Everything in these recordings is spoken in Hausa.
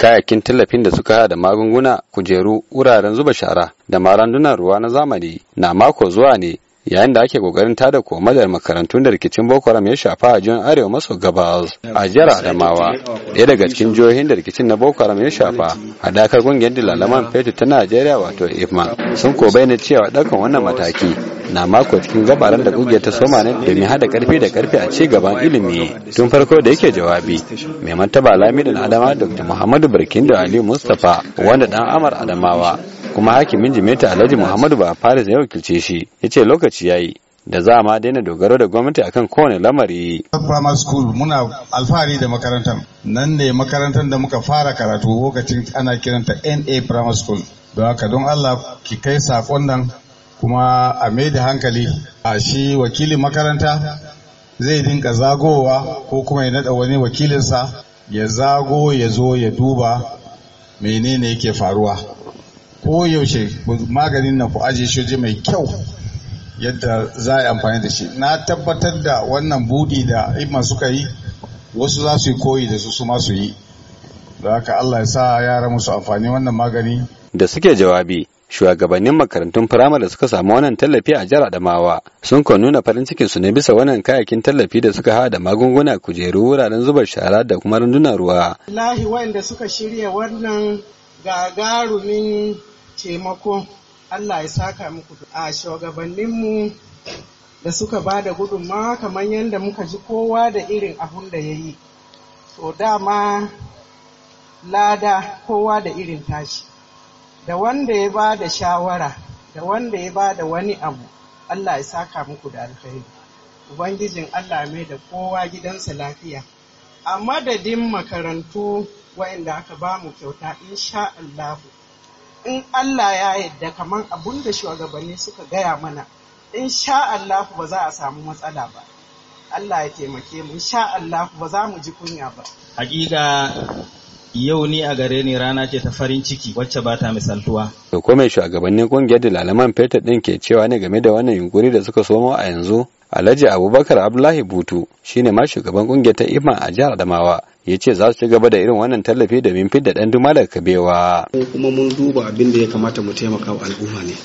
Kayakin tallafin da suka haɗa magunguna kujeru wuraren zuba shara da ma randunan ruwa na zamani na mako zuwa ne yayin da ake kokarin tada komadar makarantun da rikicin boko haram ya shafa a jihar arewa maso gabas a jihar adamawa ɗaya daga cikin jihohin da rikicin na boko haram ya shafa hadakar kungiyar dilalaman fetur ta najeriya wato ifma sun ko na cewa ɗaukan wannan mataki na mako cikin gabaran da kungiyar ta soma ne domin hada karfi da karfi a ci gaban ilimi tun farko da yake jawabi mai martaba lamidin adama dr muhammadu barkindo aliyu mustapha wanda dan amar adamawa kuma hakimin jimeta alhaji muhammadu ba faris ya wakilce shi ya ce lokaci ya yi da za ma daina dogaro da gwamnati akan kowane lamari. Primary school muna alfahari da makarantar nan ne makarantar da muka fara karatu lokacin ana kiranta NA Primary School. Don haka don Allah ki kai sakon nan kuma a mai hankali a shi wakilin makaranta zai dinka zagowa ko kuma ya naɗa wani wakilinsa ya zago ya zo ya duba menene yake faruwa ko yaushe maganin nan ku aje shi mai kyau yadda za a yi amfani da shi na tabbatar da wannan budi da imma suka yi wasu za su yi koyi da su su masu yi da haka Allah ya sa yara musu amfani wannan magani da suke jawabi shugabannin makarantun firamare suka samu wannan tallafi a jihar Adamawa sun kan nuna farin cikin su ne bisa wannan kayakin tallafi da suka hada magunguna kujeru wuraren zubar shara da kuma rundunar ruwa. Lahi wanda suka shirya wannan gagarumin taimako Allah ya saka muku a shugabanninmu da suka ba da gudunmawa kamar yadda muka ji kowa da irin abun da ya yi to dama lada kowa da irin tashi da wanda ya ba da shawara da wanda ya ba da wani abu Allah ya saka muku da alkhairi ubangijin Allah mai da kowa gidansa lafiya a madadin makarantu waɗanda aka ba mu kyauta insha Allahu in Allah ya yadda kamar abun da shugabanni suka gaya mana in sha Allah ba za a samu matsala ba Allah ya taimake mu sha Allah ba za mu ji kunya ba hakika yau ni a gare ni rana ce ta farin ciki wacce ba ta misaltuwa to ko mai shugabannin kungiyar lalaman fetur din ke cewa ne game da wannan yunkuri da suka somo a yanzu Alhaji Abubakar Abdullahi Butu shine ma shugaban kungiyar ta Ima a jihar Adamawa ya ce za su ci gaba da irin wannan tallafi domin fidda ɗan duma daga kabewa. kuma mun duba abin da ya kamata mu taimaka wa al'umma ne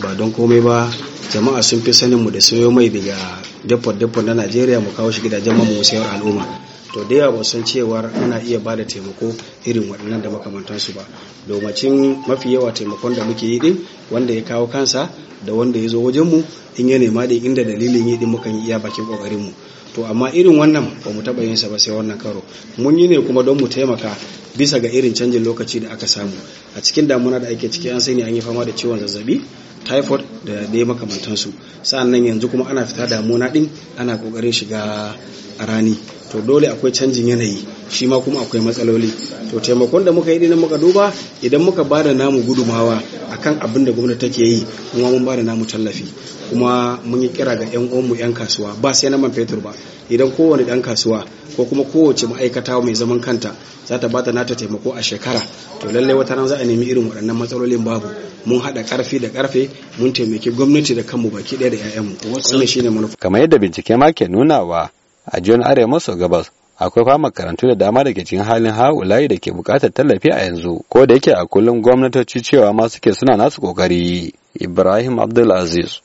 ba don komai ba jama'a sun fi sanin mu da sayo mai daga depot depot na najeriya mu kawo shi gidajen mu sayar al'umma to da yawa san cewar ana iya ba da taimako irin waɗannan da makamantansu ba domacin mafi yawa taimakon da muke yi din wanda ya kawo kansa da wanda ya zo wajenmu in ya nema da inda dalilin yi din mukan yi iya bakin mu to amma irin wannan ba mu taɓa yin sa ba sai wannan karo mun yi ne kuma don mu taimaka bisa ga irin canjin lokaci da aka samu a cikin damuna da ake ciki an sani an yi fama da ciwon zazzabi typhoid da dai makamantansu nan yanzu kuma ana fita damuna din ana kokarin shiga rani to dole akwai canjin yanayi shi ma kuma akwai matsaloli to taimakon da muka yi dinan muka duba idan muka bada namu gudumawa akan abin da gwamnati take yi kuma mun ba da namu tallafi kuma mun yi kira ga 'yan uwanmu 'yan kasuwa ba sai na man fetur ba idan kowane ɗan kasuwa ko kuma kowace ma'aikata mai zaman kanta za ta bata nata taimako a shekara to lallai wata rana za a nemi irin waɗannan matsalolin babu mun haɗa ƙarfi da karfe mun taimaki gwamnati da kanmu baki ɗaya da 'ya'yanmu wannan shine manufa kamar yadda bincike ma ke nunawa a jiyon arewa maso gabas akwai fama makarantu da dama da ke cikin halin ha'ulayi da ke bukatar tallafi a yanzu ko da yake a kullum gwamnatoci cewa ma suke suna nasu kokari ibrahim abdulaziz